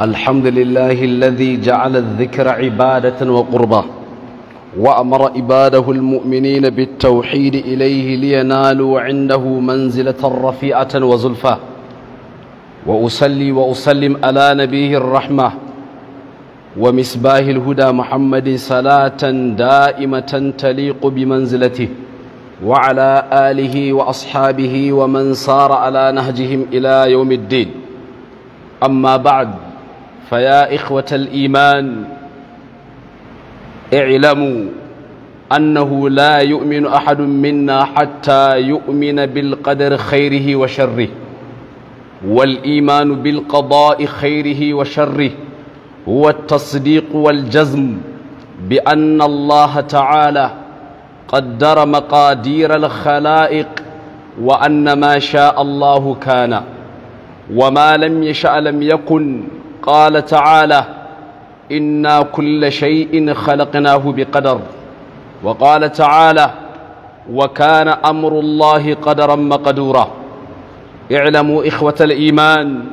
الحمد لله الذي جعل الذكر عبادة وقربة وأمر عباده المؤمنين بالتوحيد إليه لينالوا عنده منزلة رفيعة وزلفة وأسلي وأسلم على نبيه الرحمة ومسباه الهدى محمد صلاة دائمة تليق بمنزلته وعلى آله وأصحابه ومن سار على نهجهم إلى يوم الدين أما بعد فيا إخوة الإيمان اعلموا أنه لا يؤمن أحد منا حتى يؤمن بالقدر خيره وشره والإيمان بالقضاء خيره وشره هو التصديق والجزم بأن الله تعالى قدر مقادير الخلائق وأن ما شاء الله كان وما لم يشأ لم يكن قال تعالى إنا كل شيء خلقناه بقدر وقال تعالى وكان أمر الله قدرا مقدورا اعلموا إخوة الإيمان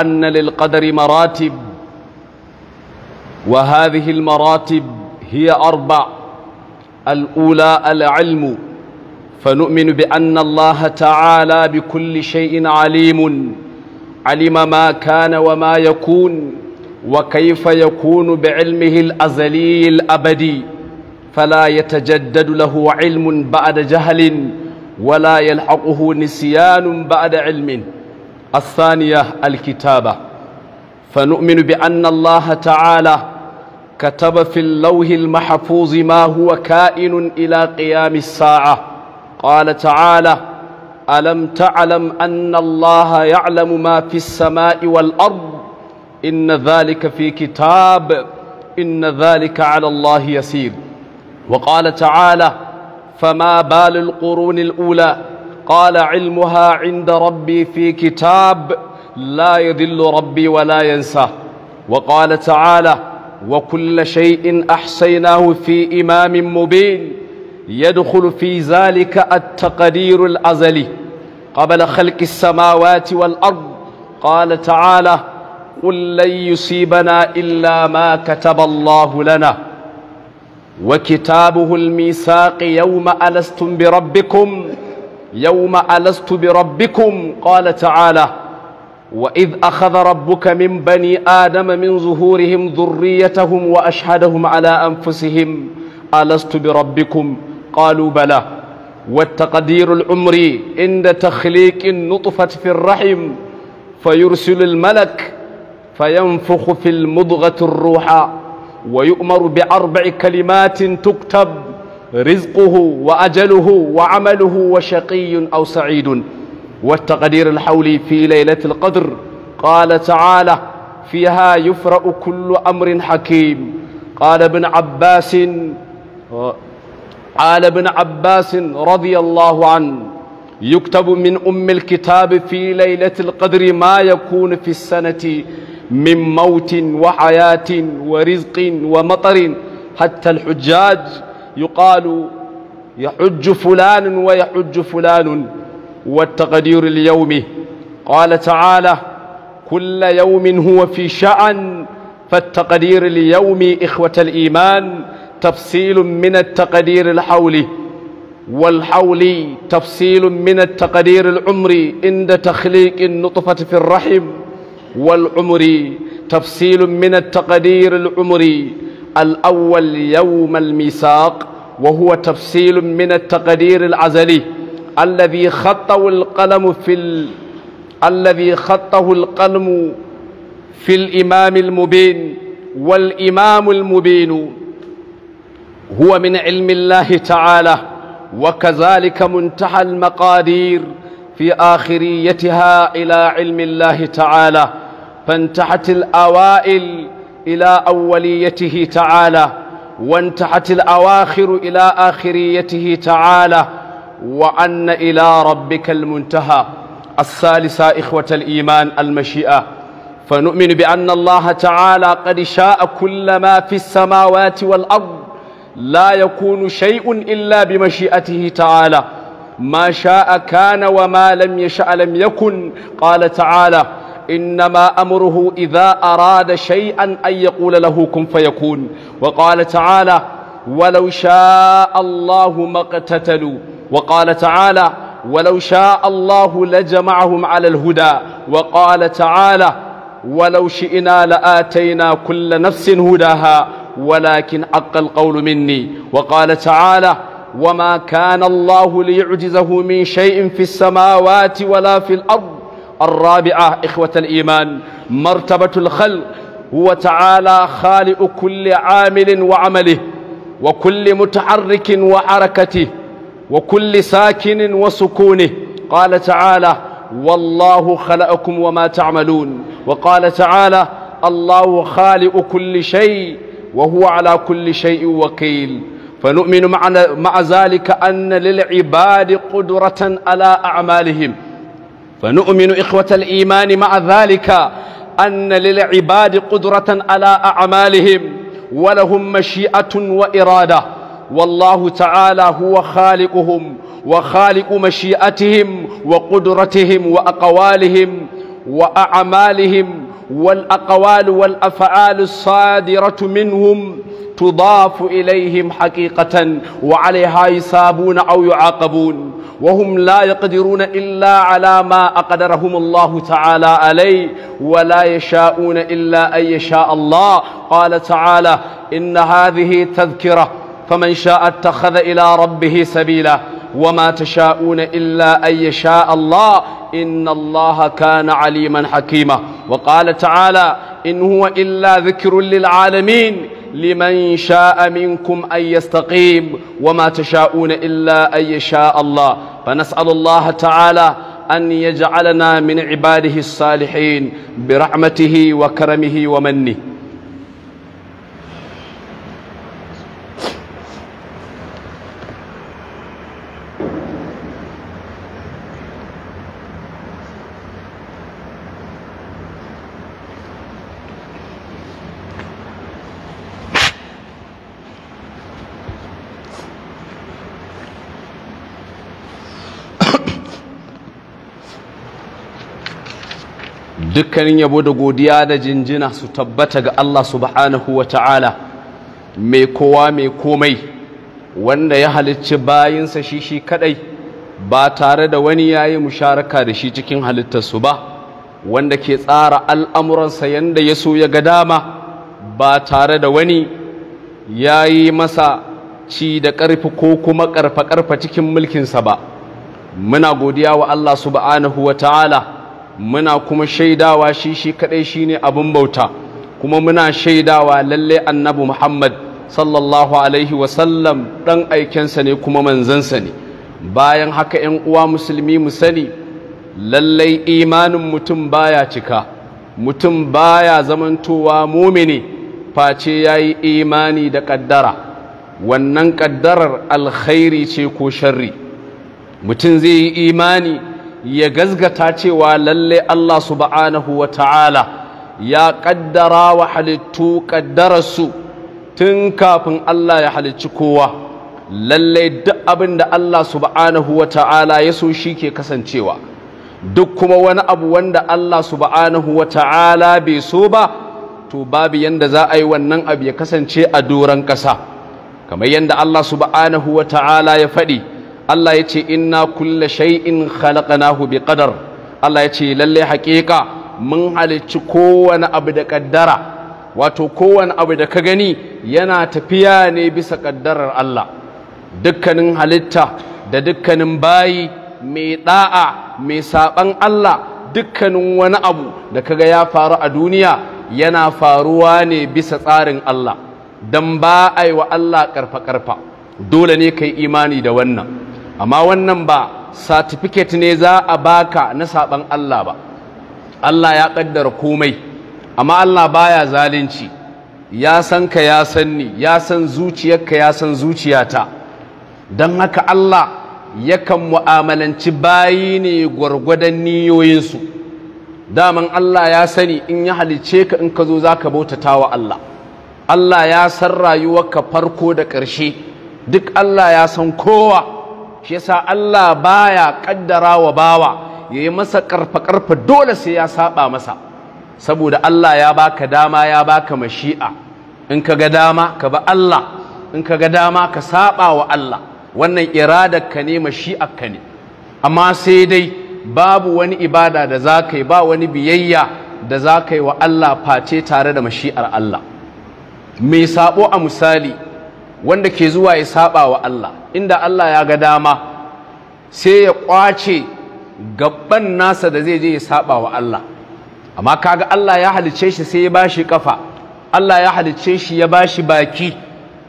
أن للقدر مراتب وهذه المراتب هي أربع الأولى العلم فنؤمن بأن الله تعالى بكل شيء عليم علم ما كان وما يكون وكيف يكون بعلمه الأزلي الأبدي فلا يتجدد له علم بعد جهل ولا يلحقه نسيان بعد علم الثانية الكتابة فنؤمن بأن الله تعالى كتب في اللوح المحفوظ ما هو كائن إلى قيام الساعة قال تعالى ألم تعلم أن الله يعلم ما في السماء والأرض إن ذلك في كتاب إن ذلك على الله يسير وقال تعالى فما بال القرون الأولى قال علمها عند ربي في كتاب لا يذل ربي ولا ينساه وقال تعالى وكل شيء أحصيناه في إمام مبين يدخل في ذلك التقدير الأزلي قبل خلق السماوات والأرض قال تعالى قل لن يصيبنا إلا ما كتب الله لنا وكتابه الميثاق يوم ألستم بربكم يوم ألست بربكم قال تعالى وإذ أخذ ربك من بني آدم من ظهورهم ذريتهم وأشهدهم على أنفسهم ألست بربكم قالوا بلى والتقدير العمري عند تخليق النطفة في الرحم فيرسل الملك فينفخ في المضغة الروح ويؤمر بأربع كلمات تكتب رزقه وأجله وعمله وشقي أو سعيد والتقدير الحولي في ليلة القدر قال تعالى فيها يفرأ كل أمر حكيم قال ابن عباس قال ابن عباس رضي الله عنه يكتب من أم الكتاب في ليلة القدر ما يكون في السنة من موت وحياة ورزق ومطر حتى الحجاج يقال يحج فلان ويحج فلان والتقدير اليومي قال تعالى كل يوم هو في شأن فالتقدير اليومي إخوة الإيمان تفصيل من التقدير الحولي والحولي تفصيل من التقدير العمري عند تخليق النطفة في الرحم والعمري تفصيل من التقدير العمري الأول يوم الميثاق وهو تفصيل من التقدير العزلي الذي خطه القلم في ال... الذي خطه القلم في الإمام المبين والإمام المبين هو من علم الله تعالى وكذلك منتهى المقادير في آخريتها إلى علم الله تعالى فانتحت الأوائل إلى أوليته تعالى وانتحت الأواخر إلى آخريته تعالى وأن إلى ربك المنتهى الثالثة إخوة الإيمان المشيئة فنؤمن بأن الله تعالى قد شاء كل ما في السماوات والأرض لا يكون شيء إلا بمشيئته تعالى ما شاء كان وما لم يشاء لم يكن قال تعالى إنما أمره إذا أراد شيئا أن يقول له كن فيكون وقال تعالى ولو شاء الله ما اقتتلوا وقال تعالى ولو شاء الله لجمعهم على الهدى وقال تعالى ولو شئنا لآتينا كل نفس هداها ولكن حق القول مني وقال تعالى وما كان الله ليعجزه من شيء في السماوات ولا في الأرض الرابعة إخوة الإيمان مرتبة الخلق هو تعالى خالق كل عامل وعمله وكل متحرك وحركته وكل ساكن وسكونه قال تعالى والله خلقكم وما تعملون وقال تعالى الله خالق كل شيء وهو على كل شيء وكيل فنؤمن مع ذلك أن للعباد قدرة على أعمالهم فنؤمن إخوة الإيمان مع ذلك أن للعباد قدرة على أعمالهم ولهم مشيئة وإرادة والله تعالى هو خالقهم وخالق مشيئتهم وقدرتهم وأقوالهم وأعمالهم والأقوال والأفعال الصادرة منهم تضاف إليهم حقيقة وعليها يصابون أو يعاقبون وهم لا يقدرون إلا على ما أقدرهم الله تعالى عليه ولا يشاءون إلا أن يشاء الله قال تعالى إن هذه تذكرة فمن شاء اتخذ إلى ربه سبيلا وما تشاءون إلا أن يشاء الله إن الله كان عليما حكيما وقال تعالى إن هو إلا ذكر للعالمين لمن شاء منكم أن يستقيم وما تشاءون إلا أن يشاء الله فنسأل الله تعالى أن يجعلنا من عباده الصالحين برحمته وكرمه ومنه dukkanin yabo da godiya da jinjina su tabbata ga Allah subhanahu wa ta'ala mai kowa mai komai wanda ya halicci bayinsa shi shi kadai ba tare da wani ya yi musharaka da shi cikin halittarsu ba wanda ke tsara al'amuransa yadda ya so ya ga dama ba tare da wani ya yi masa ci da ƙarfi ko kuma ƙarfa-ƙarfa cikin mulkinsa ba muna godiya wa Allah subhanahu wa ta'ala muna kuma shaidawa shi shi kadai shine abin bauta kuma muna shaidawa lalle annabi Muhammad sallallahu alaihi wasallam dan aikensa ne kuma manzansa ne bayan haka 'yan uwa musulmi mu sani lallai imanin mutum baya cika mutum baya zamantowa mumini face yayi imani da kaddara wannan kaddarar alkhairi ce ko sharri mutum zai yi imani ya gazgata cewa lalle Allah subhanahu wa ta'ala ya ƙaddarawa wa halittu ƙaddararsu tun kafin Allah ya halicci kowa lalle duk abin da Allah subhanahu wa ta'ala ya so shi ke kasancewa duk kuma wani abu wanda Allah subhanahu wa ta'ala bai so ba to babu yanda za a yi wannan abu ya kasance a doron ƙasa kamar yanda Allah subhanahu wa ta'ala ya faɗi Allah ya ce inna kulle shay'in khalaqnahu bi qadar Allah ya ce lalle haƙiƙa mun halicci kowane abu da ƙaddara wato kowane abu da ka gani yana tafiya ne bisa ƙaddarar Allah dukkanin halitta da dukkanin bayi mai ɗa'a mai saɓan Allah dukkanin wani abu da kaga ya faru a duniya yana faruwa ne bisa tsarin Allah don ba a wa Allah ƙarfa-ƙarfa dole ne kai imani da wannan amma wannan ba satifiket ne za a baka na saban Allah ba Allah ya kaddara komai amma Allah baya zalunci ya san ka ya san ni ya san zuciyarka ya san zuciyata don haka Allah yakan mu'amalanci bayi ne gwargwadon niyoyinsu daman Allah ya sani in ya halice ka in ka zo za ka bautata wa Allah Allah ya san rayuwarka farko da ƙarshe duk Allah ya san kowa shi yasa Allah baya kaddara wa bawa yayi masa karfa karfa dole sai ya saba masa saboda Allah ya baka dama ya baka mashi'a in ka ga dama ka ba Allah in ka ga dama ka saba wa Allah wannan iradar ka ne mashi'ar ka ne amma sai dai babu wani ibada da za ka yi ba wani biyayya da za ka yi wa Allah face tare da mashi'ar Allah mai sabo a misali wanda ke zuwa ya saba wa Allah inda Allah ya ga dama sai ya kwace gaɓan nasa da zai je ya saba wa Allah amma kaga Allah ya halice shi sai ya bashi kafa Allah ya halice shi ya bashi baki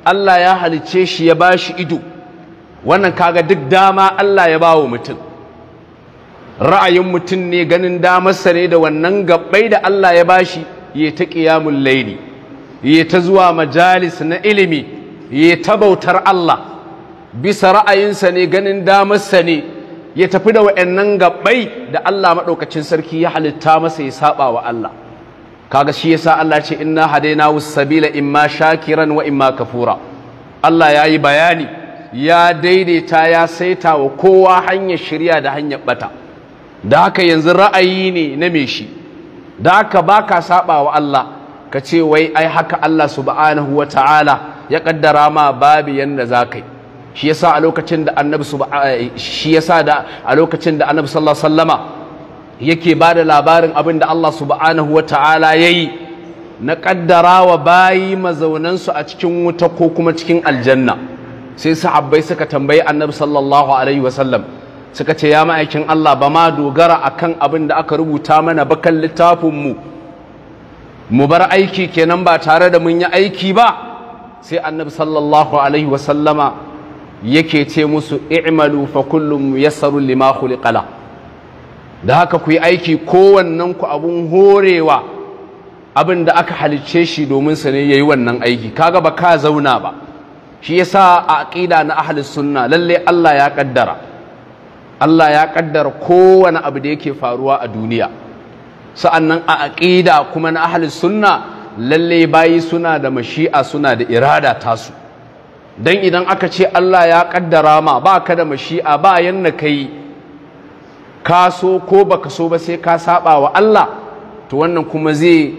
Allah ya halice shi ya bashi ido wannan kaga duk dama Allah ya bawo mutum ra'ayin mutum ne ganin damarsa ne da wannan gabbai da Allah ya bashi ya ta qiyamul laili ya ta zuwa majalis na ilimi ya ta bautar Allah bisa ra'ayinsa ne ganin damarsa ne ya tafi da wa'annan gabbai da Allah maɗaukacin sarki ya halitta masa ya saba wa Allah kaga shi yasa Allah ce inna hadaina was-sabila sha shakiran wa imma kafura Allah ya yi bayani ya daidaita ya saita wa kowa hanyar shirya da hanyar bata da haka yanzu ra'ayi ne na me shi da haka baka saba wa Allah ka ce wai ai haka Allah subhanahu wa ta'ala ya kaddara ma babu yanda zakai shi yasa a lokacin da annabi shi yasa da a lokacin da annabi sallallahu labarin abin da Allah subhanahu ya yayi na wa bayi mazaunansu a cikin wuta ko kuma cikin aljanna sai sahabbai suka tambayi annabi sallallahu alaihi wasallam suka ce ya ma'aikin Allah ba ma dogara akan abin da aka rubuta mana ba kan littafin mu mu bar aiki kenan ba tare da mun yi aiki ba sai annabi sallallahu alaihi wasallama yake ce musu i'malu fa kullum yassaru lima khuliqala da haka ku yi aiki kowannen ku abun horewa abin da aka halicce shi domin sa ne yayi wannan aiki kaga ba ka zauna ba shi yasa a aqida na ahli sunna lalle Allah ya kaddara Allah ya kaddara kowane abu da yake faruwa a duniya sa'annan a aqida kuma na ahli sunna lalle bayi suna da mashi'a suna da irada tasu don idan aka ce Allah ya kaddara ma ba ka da mashi'a bayan yanna kai ka so ko baka so ba sai ka saba wa Allah to wannan kuma zai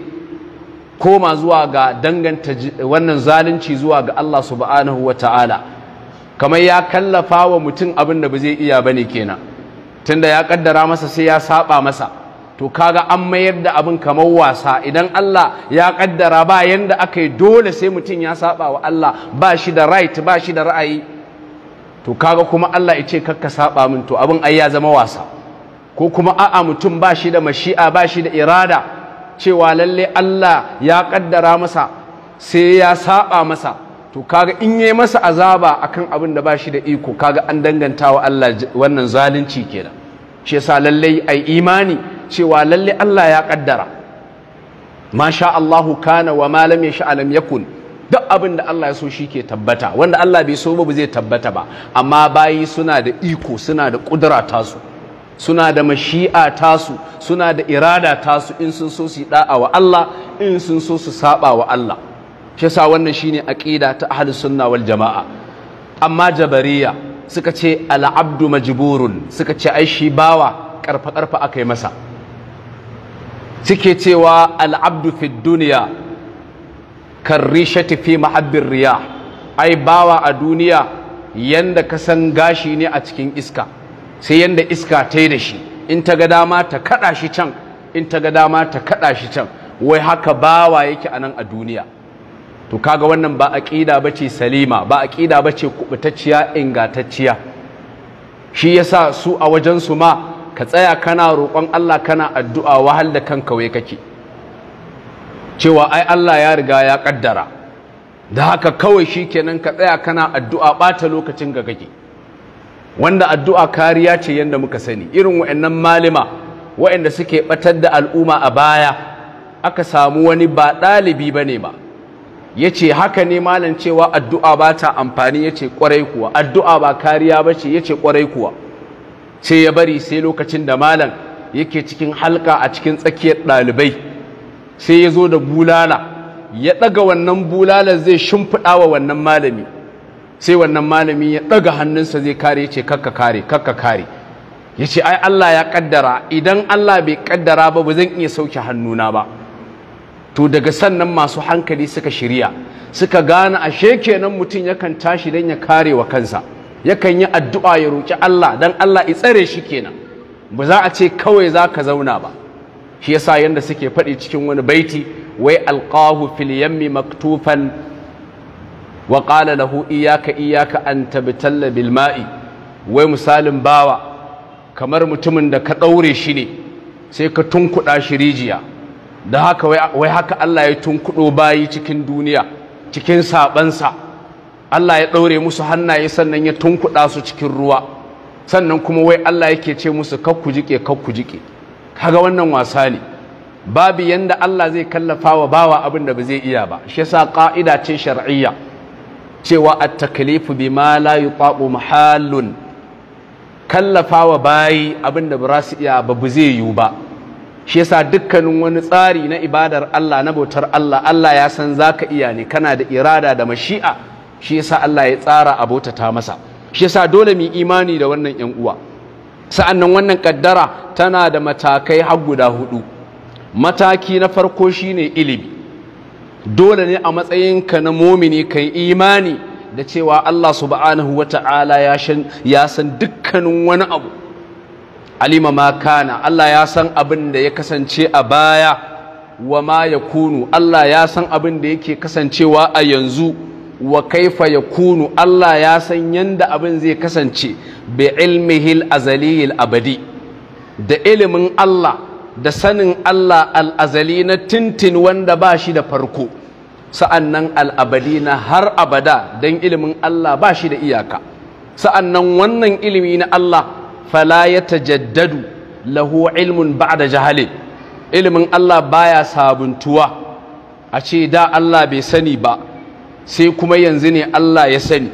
koma zuwa ga danganta wannan zalunci zuwa ga Allah subhanahu ta'ala kamar ya kallafa wa mutum abin da ba zai iya ne kenan tunda ya kaddara masa sai ya saba masa to kaga an mayar da abin kamar wasa idan Allah ya kaddara ba yanda aka yi dole sai mutum ya saba wa Allah ba shi da right ba shi da ra'ayi to kaga kuma Allah ya ce kakka saba min to abin ai ya zama wasa ko kuma a'a mutum ba shi da mashi'a ba shi da irada cewa lalle Allah ya kaddara masa sai ya saba masa to kaga in yi masa azaba akan abin da ba shi da iko kaga an danganta wa Allah wannan zalunci kenan shi yasa lalle ai imani cewa lalle Allah ya kaddara masha Allahu kana wa ma lam yasha alam yakun duk abin da Allah ya so shi ke tabbata wanda Allah bai so ba zai tabbata ba amma bayi suna da iko suna da kudura tasu suna da mashi'a tasu suna da irada tasu in sun so su da'a wa Allah in sun so su saba wa Allah shi yasa wannan shine aqida ta ahlus sunna wal jamaa amma jabariya suka ce al abdu majburun suka ce ai shi bawa karfa karfa akai masa suke cewa al'abdu fi duniya rishe fi mahabbin riya ai bawa a duniya yanda ka san gashi ne a cikin iska sai yadda iska ta yi da shi in ta ga dama ta kaɗa shi can in ta ga dama ta kaɗa shi can wai haka bawa yake anan a duniya to kaga wannan ba a ba bace salima ba a ba bace kuɓutacciya, ingatacciya. shi yasa su a wajensu ma ka tsaya kana roƙon Allah kana addu'a wahal da kan kawai kake cewa ai Allah ya riga ya ƙaddara. da haka kawai shi kenan ka tsaya kana addu'a bata lokacin ga kake wanda addu'a kariya ce yadda muka sani irin nan malima wayanda suke ɓatar da al'umma a baya aka samu wani ba ɗalibi ba ne ba yace haka ne malam cewa addu'a bata amfani yace kwarai kuwa addu'a ba kariya ba bace yace kwarai kuwa sai ya bari sai lokacin da malam yake cikin halka a cikin tsakiyar ɗalibai sai ya zo da bulala ya ɗaga wannan bulalar zai shimfiɗa wa wannan malami sai wannan malami ya ɗaga hannunsa zai kare ya ce kakka kare kakka kare ya ce ai Allah ya ƙaddara idan Allah bai ƙaddara ba ba zan iya sauke hannuna ba to daga sannan masu hankali suka shirya suka gane ashe kenan mutum yakan tashi don ya kare wa kansa yakan yi addu'a ya roƙi Allah dan Allah ya tsare shi kenan ba za a ce kawai za ka zauna ba shi yasa yanda suke faɗi cikin wani baiti wai alqahu fil yammi maktufan wa qala lahu iyaka iyyaka an tabtalla bil ma'i wai misalin bawa kamar mutumin da ka ɗaure shi ne sai ka tunkuɗa shi rijiya da haka wai haka Allah ya tunkuɗo bayi cikin duniya cikin saɓansa Allah ya ɗaure musu hannaye sannan ya tunkuɗa su cikin ruwa sannan kuma wai Allah yake ce musu kakku jike kakku jike kaga wannan wasa ne babu yadda Allah zai kallafa wa bawa abin da ba zai iya ba shi yasa ƙa'ida ce shar'iyya cewa at-taklifu bima la yutaqu mahallun kallafa wa bayi abin da ba su iya ba ba zai yiwu ba shi yasa dukkanin wani tsari na ibadar Allah na bautar Allah Allah ya san zaka iya ne kana da irada da mashi'a shi yasa Allah ya tsara abotata masa shi yasa dole mu imani da wannan yan uwa sa'annan wannan kaddara tana da matakai har guda hudu mataki na farko shine ilimi dole ne a matsayin matsayinka na momini kai imani da cewa Allah subhanahu wata'ala ya san ya san dukkanin wani abu alima ma kana Allah ya san abin da ya kasance a baya wa ma yakunu Allah ya san abin da yake kasancewa a yanzu wa kaifa kunu. Allah ya san yanda abin zai kasance bi ilmihil azaliyil abadi da ilimin Allah da sanin Allah al'azali na tintin wanda ba shi da farko sa'annan al'abadi na har abada don ilimin Allah ba shi da iyaka sa'annan wannan ilimi na Allah fala ya tajaddadu lahu ilmin ba da jahale ilimin Allah baya sabuntuwa a ce da Allah bai sani ba sai kuma yanzu ne Allah ya sani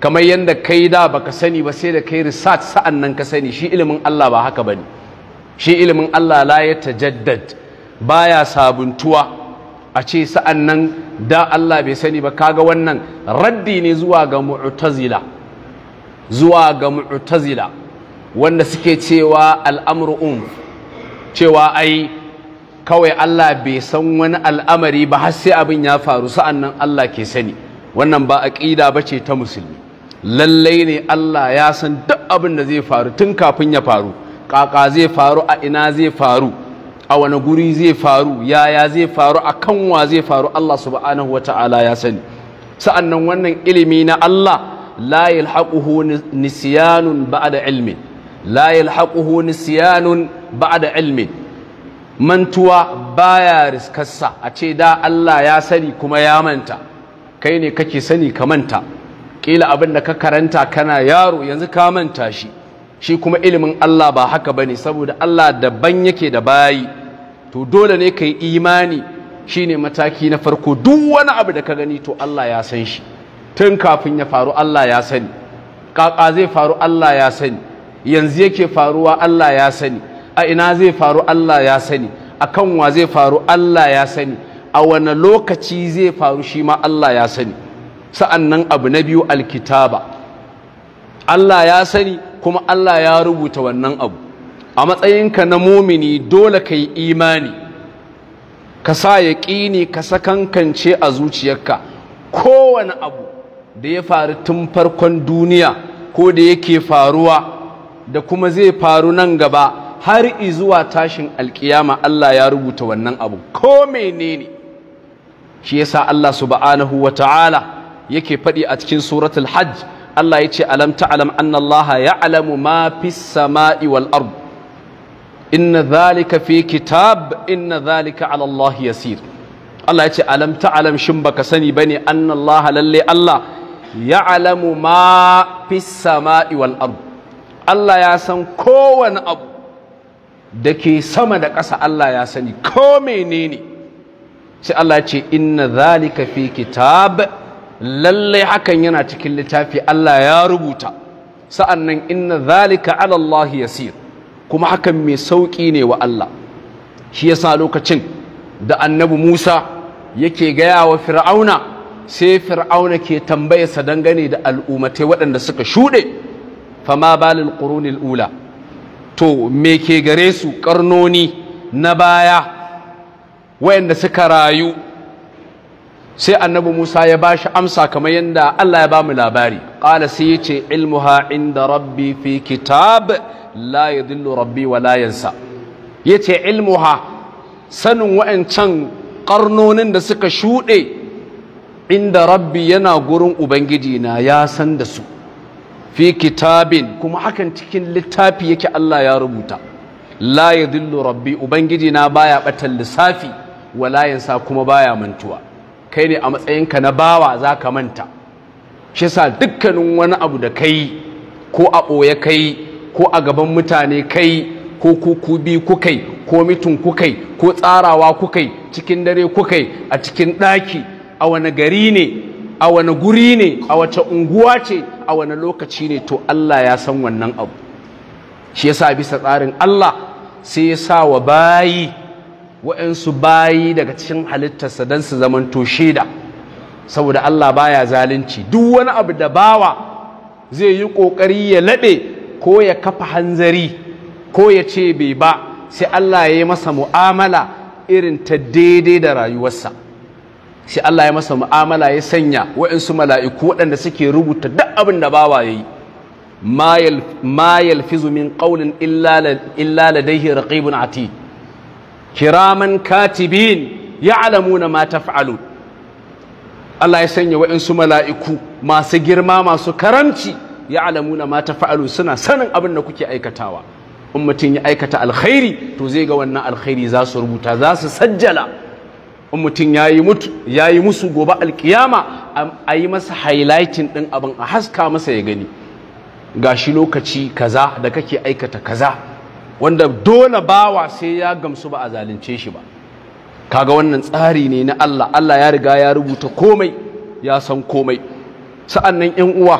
kamar yadda kai da baka sani ba sai da kai research sa'an nan ka sani shi ilimin Allah ba haka bane shi ilimin Allah la ya tajaddad baya sabuntuwa a ce sa'an nan da Allah bai sani ba kaga wannan raddi ne zuwa ga mu'tazila zuwa ga mu'tazila wanda suke cewa al'amru um cewa ai kawai Allah bai san wani al'amari ba har sai abin ya faru sa'annan Allah ke sani wannan ba ba ce ta musulmi lallai ne Allah ya san duk abin da zai faru tun kafin ya faru Ƙaƙa zai faru a ina zai faru a wani guri zai faru yaya zai faru a kanwa zai faru Allah subhanahu wata'ala ya sani sa'annan wannan ilimi na Allah لا يلحقه نسيان بعد علم لا ilmin. mantuwa baya riskarsa a ce da Allah ya sani kuma ya manta kai ne kake sani ka manta kila abin da ka karanta kana yaro yanzu ka manta shi shi kuma ilimin Allah ba haka bane saboda Allah daban yake da bayi to dole ne kai imani shine mataki na farko duk wani abu da ka gani to Allah ya san shi tun kafin ya faru Allah ya sani kaka zai faru Allah ya sani yanzu yake faruwa Allah ya sani a ina zai faru Allah ya sani akan wa zai faru Allah ya sani a wane lokaci zai faru shi ma Allah ya sani sa'annan abu na biyu alkitaba Allah ya sani kuma Allah ya rubuta wannan abu a matsayinka na mumini dole ka yi imani ka sa ya ƙini ka sakankance a zuciyarka kowane abu da ya faru tun farkon duniya ko da yake faruwa da kuma zai faru nan gaba har izuwa tashin alkiyama Allah ya rubuta wannan abu ko menene shi yasa Allah subhanahu wata'ala yake faɗi a cikin suratul hajj Allah ya yace alam ta'lam anna Allah ya'lamu ma fis sama'i wal ard inna dhalika fi kitab inna dhalika 'ala Allah yasir Allah yace alam ta'lam shin baka sani bane anna Allah lalle Allah ya'lamu ma fis sama'i wal ard Allah ya san kowane abu da ke sama da ƙasa Allah ya sani ko menene sai Allah ce inna zalika fi kitab lalle hakan yana cikin littafi Allah ya rubuta sa'annan inna zalika ala Allah yasir kuma hakan mai sauki ne wa Allah shi yasa lokacin da annabi Musa yake gaya wa fir'auna sai fir'auna ke tambayarsa dangane da al'umatai waɗanda suka shuɗe fama balil ƙurunin ula to me ke gare su karnoni na baya wayanda suka rayu sai annabi Musa ya bashi amsa kamar yadda Allah ya bamu labari qala sai yace ilmuha inda rabbi fi kitab la yadillu rabbi wa la yansa yace ilmuha sanin wayancan karnonin da suka shuɗe inda rabbi yana gurin ubangiji na ya san da su fi kitabin kuma hakan cikin littafi yake Allah ya rubuta la yadhillu rabbi ubangiji na baya batan lissafi wa yansa kuma baya mantuwa kai ne a matsayinka na bawa zaka manta shi sa dukkanin wani abu da kai ko a ɓoye kai ko a gaban mutane kai ko kukubi kukai ko mitin kukai ko tsarawa kukai cikin dare kukai a cikin ɗaki a wani gari ne a wani guri ne a wace unguwa ce a wani lokaci ne to Allah ya san wannan abu shi yasa bisa tsarin Allah sai ya sa wa bayi waɗansu bayi daga cikin halittarsa don su zamanto shaida saboda Allah baya zalunci duk wani abu da bawa zai yi ƙoƙari ya laɓe ko ya kafa hanzari ko ya ce bai ba sai Allah ya yi masa mu'amala irin ta daidai da rayuwarsa sai Allah ya masa mu'amala ya sanya wa'insu mala'iku waɗanda suke rubuta duk abin da bawa yi ma yalfizu min ƙaunin illa ladayhi raqibun ati kiraman katibin ya na ma fa'alu Allah ya sanya wa'insu mala'iku masu girma masu karamci ya na ma fa'alu suna sanin abin da kuke aikatawa in mutum ya aikata alkhairi to zai ga wannan alkhairi za su rubuta za su sajjala in mutum ya yi mutu ya yi musu gobe alkiyama a yi masa highlighting ɗin abin a haska masa ya gani gashi lokaci kaza da kake aikata kaza wanda dole bawa sai ya gamsu ba a zalunce shi ba kaga wannan tsari ne na Allah Allah ya riga ya rubuta komai ya san komai sa'annan 'yan uwa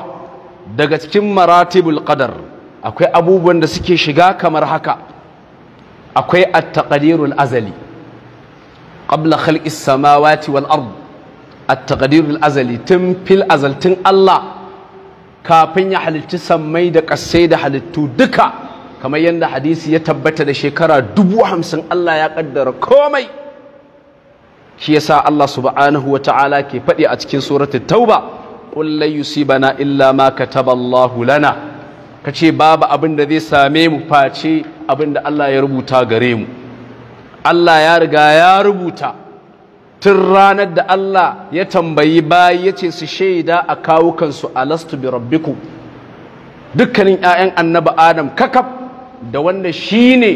daga cikin maratibul qadar akwai abubuwan da suke shiga kamar haka akwai at-taqdirul azali qabla khalqis samawati wal ard at-taqdirul azali tun fil azal tun Allah kafin ya halicci sammai da kasai da halittu duka kamar yadda hadisi ya tabbata da shekara dubu hamsin Allah ya ƙaddara komai shi yasa Allah subhanahu wa ke faɗi a cikin suratul tauba qul la yusibana illa ma kataballahu lana kace babu abin da zai same mu face abin da Allah ya rubuta gare mu Allah ya riga ya rubuta tun ranar da Allah ya tambayi bayi ya ce su shaida a kawukansu alastu bi rabbiku dukkanin 'ya'yan annaba adam kakaf da wanda shi ne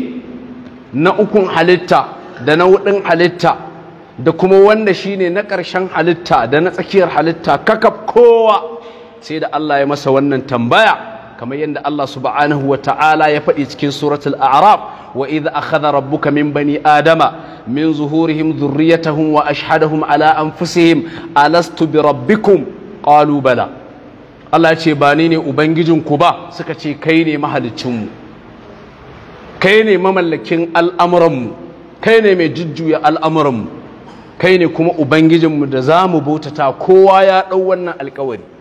na ukun halitta da na hudun halitta da kuma wanda shi ne na ƙarshen halitta da na tsakiyar halitta kakaf kowa sai da Allah ya masa wannan tambaya kamar yadda Allah subhanahu wa ta'ala ya faɗi cikin suratul a'raf wa idh akhadha rabbuka min bani adama min zuhurihim dhurriyyatahum wa ashhadahum ala anfusihim alastu bi rabbikum qalu bala Allah ce ba ni ne ubangijinku ba suka ce kai ne mahalicinmu kai ne mamallakin al'amuranmu kai ne mai jujjuya al'amuranmu kai ne kuma ubangijin mu da za mu bautata kowa ya ɗau wannan alkawari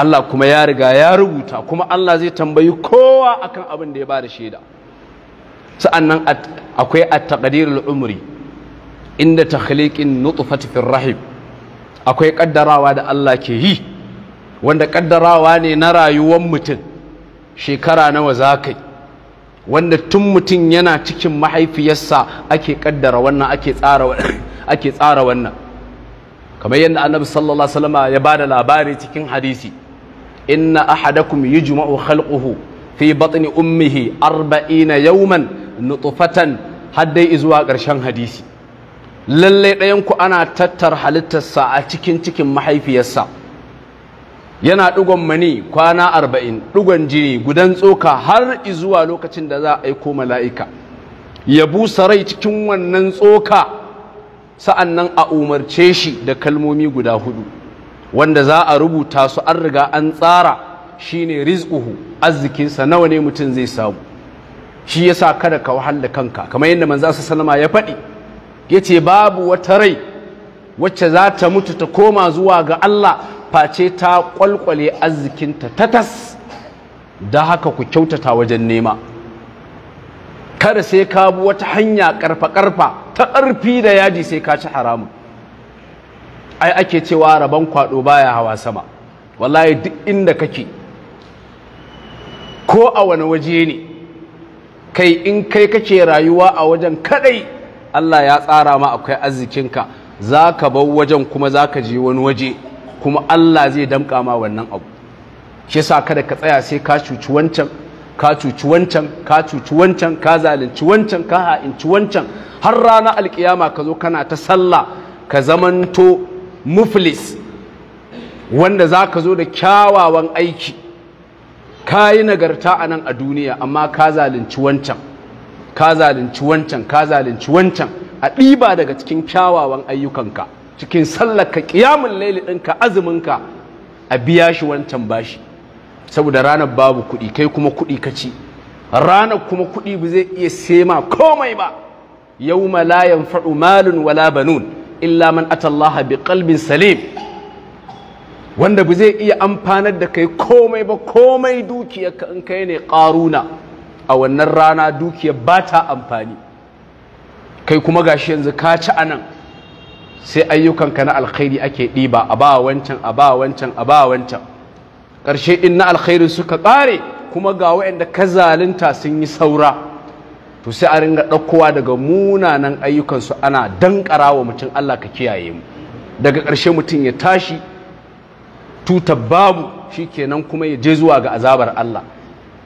Allah kuma ya riga ya rubuta kuma Allah zai tambayi kowa akan abin da ya bada shaida sa'annan akwai at-taqdirul umri inda takhliqin nutfati fir rahim akwai kaddarawa da Allah ke yi wanda kaddarawa ne na rayuwar mutum shekara nawa zakai wanda tun mutum yana cikin mahaifiyarsa ake kaddara wannan ake tsara ake tsara wannan kamar yadda annabi sallallahu alaihi wasallam ya bada labari cikin hadisi inna ahadakum juma'u halkuhu, fi batni ummihi arba'ina yauman nutfatan har dai zuwa ƙarshen hadisi lallai ɗayan ku ana tattar halittarsa a cikin cikin mahaifiyarsa yana ɗigon mani kwana arba'in ɗigon jini gudan tsoka har izuwa lokacin da za aiko mala'ika ya busa rai cikin wannan tsoka sa'annan a umarce shi da kalmomi guda huɗu. wanda za a rubuta su an riga an tsara shine rizkuhu arzikinsa nawa ne mutum zai samu shi ya sa kada ka wahala kanka kamar yadda su salama ya faɗi yace babu wata rai wacce za ta mutu ta koma zuwa ga Allah face ta kwalkwale arzikinta tas da haka ku kyautata wajen nema kada sai ka bi wata hanya ƙarfa karfa ta ƙarfi da yaji sai ka ci haramun ai ake cewa rabon kwado baya hawa sama wallahi duk inda kake ko a wani waje ne kai in kai kake rayuwa a wajen kadai Allah ya tsara ma akwai arzikinka za ka bar wajen kuma za ka je wani waje kuma Allah zai damƙa ma wannan abu shi sa kada ka tsaya sai ka cuci wancan ka cuci wancan ka cuci wancan ka zalunci wancan ka ha'inci wancan har rana alkiyama ka zo kana ta sallah ka zamanto muflis wanda za ka zo da kyawawan aiki ka yi nagarta a nan a duniya amma ka zalunci wancan ka zalunci wancan ka zalunci wancan a ɗiba daga cikin kyawawan ayyukanka cikin sallaka ƙiyamun laili ɗinka azuminka a biya shi wancan bashi saboda ranar babu kuɗi kai kuma kuɗi ka ci ranar kuma kuɗi ba zai iya sema komai ba yau malayan faɗo malun wala banun illa man atallaha bi qalbin salim wanda ba zai iya amfanar da kai komai ba komai dukiyarka in kai ne ƙaruna a wannan rana dukiyar ba ta amfani kai kuma gashi yanzu ka ci anan sai ayyukanka na alkhairi ake ɗiba a ba wancan a ba wancan a ba wancan ƙarshe in na alkhairi suka ƙare kuma ga waɗanda ka zalunta sun yi saura to sai a ringa ɗaukowa daga munanan ayyukansu ana dankara wa mutum Allah ka kiyaye mu daga ƙarshe mutum ya tashi tuta babu shi kenan kuma ya je zuwa ga azabar Allah